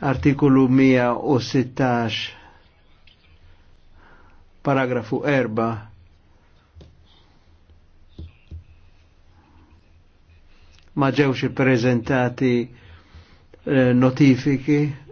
artikolu 116 paragrafu 4 ma ġewx prezentati eh, notifiki